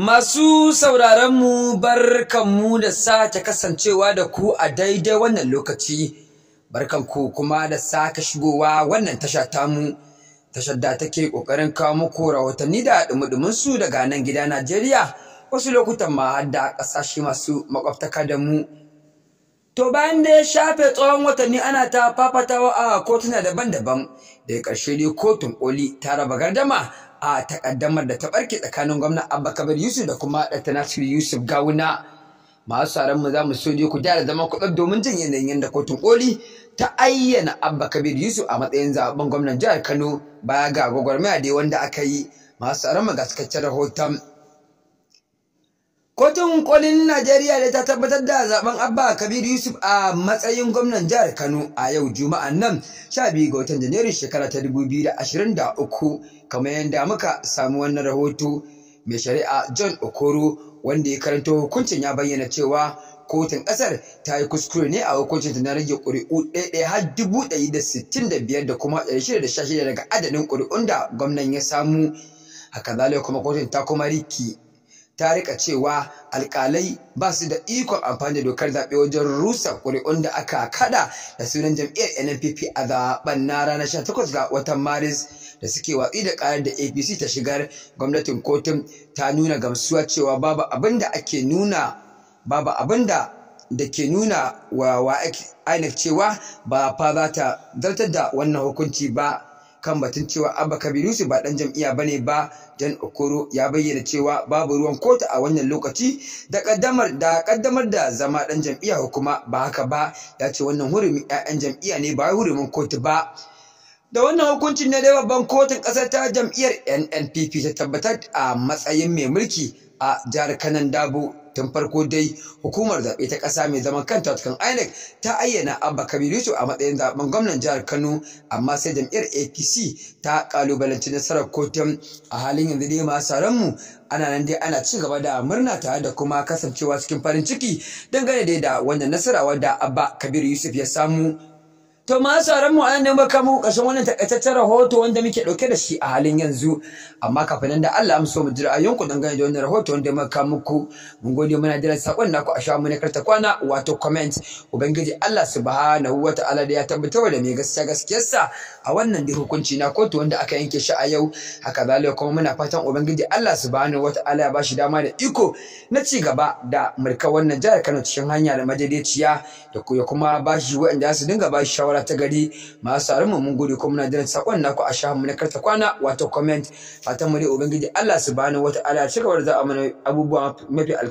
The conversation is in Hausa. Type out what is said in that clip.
Masu sauraronmu barkanmu da sake kasancewa da ku a daidai wannan lokaci, barkanku kuma da sake shigowa wannan tasha tamu, tashar da take ƙoƙarin kawo muku rahotanni da su daga nan gida Najeriya, wasu lokutan ma har da ƙasashe masu makwabtaka da mu. To bayan da ya shafe tsawon watanni ana ta fafatawa a kotuna daban-daban, da ya ƙarshe dai kotun ƙoli ta raba gardama a takaddamar da ta barke tsakanin gwamna abba kabir yusuf da kuma ɗata nasiru yusuf gawuna masu saran mu za mu so ku gyara zama kuɗar domin jin yanayin da kotun koli ta ayyana abba kabir yusuf a matsayin zaɓen gwamnan jihar kano baya ga gwagwarmaya dai wanda aka yi masu saran mu ga cikakken rahoton Kotun kolin Najeriya da ta tabbatar da zaben Abba Kabir Yusuf a matsayin gwamnan jihar Kano a yau juma'a nan 12 ga watan janairu shekara ta 2023 kamar yadda muka samu wannan rahoto mai shari'a John Okoro wanda ya karanto hukuncin ya bayyana cewa kotun ƙasar ta yi kuskure ne a hukuncin ta na rage ƙuri'u ɗaya har dubu ɗari da sittin da biyar da kuma ɗari shida da shida daga adadin ƙuri'un da gwamnan ya samu haka zalai kuma kotun ta kuma riki ta rika cewa alkalai ba su da ikon amfani da dokar zaɓe wajen rusa ƙuri'un da aka kada da sunan jam'iyyar NNPP a zaben na ranar 18 ga watan Maris da suke watsi da ƙarar da APC ta shigar gwamnatin kotun ta nuna gamsuwa cewa babu abin da ake nuna babu abin da da ke nuna wa INEC cewa ba fa za ta zartar da wannan hukunci ba kan batun cewa abba kabir yusuf ba dan jam'iyya bane ba dan okoro ya bayyana cewa babu ruwan kota a wannan lokaci da kaddamar da kaddamar da zama dan jam'iyya hukuma ba haka ba ya ce wannan hurumin 'ya'yan jam'iyya ne ba hurumin kotu ba da wannan hukuncin ne da babban kotun ƙasar ta jam'iyyar nnpp ta tabbatar a matsayin mai mulki a jihar kanan dabo tun farko dai hukumar zaɓe ta ƙasa mai zaman kanta tukan INEC ta ayyana Abba Kabiru Yusuf a matsayin zaɓen gwamnan jihar Kano amma sai jam'iyyar APC ta ƙalubalanci nasarar kotun a halin yanzu dai masu mu ana nan dai ana ci gaba da murna tare da kuma kasancewa cikin farin ciki dangane dai da wannan nasara wadda Abba Kabiru Yusuf ya samu To ma sauran mu anan ne muka kashin wannan takaitaccen rahoto wanda muke dauke da shi a halin yanzu. Amma kafin nan da Allah mu so mu ji ra'ayinku dangane da wannan rahoto wanda muka muku. Mun gode muna jira sakon naku a sha mu ne karta kwana wato comment. Ubangiji Allah subhanahu wataala da ya tabbatar da mai gaskiya sa. a wannan da hukunci na kotu wanda aka yanke shi a yau. Haka zalika kuma muna fatan Ubangiji Allah subhanahu wataala ya bashi dama da iko na ci gaba da mulka wannan jihar Kano cikin hanya da madaidaiciya da kuma bashi waɗanda za su dinga bashi shawara kara ta gari masu mu mun gode kuma muna jira sakon naku a shafin na karta kwana wato comment fatan mu dai ubangiji Allah subhanahu wataala ya cigaba da za a mana abubuwa mafi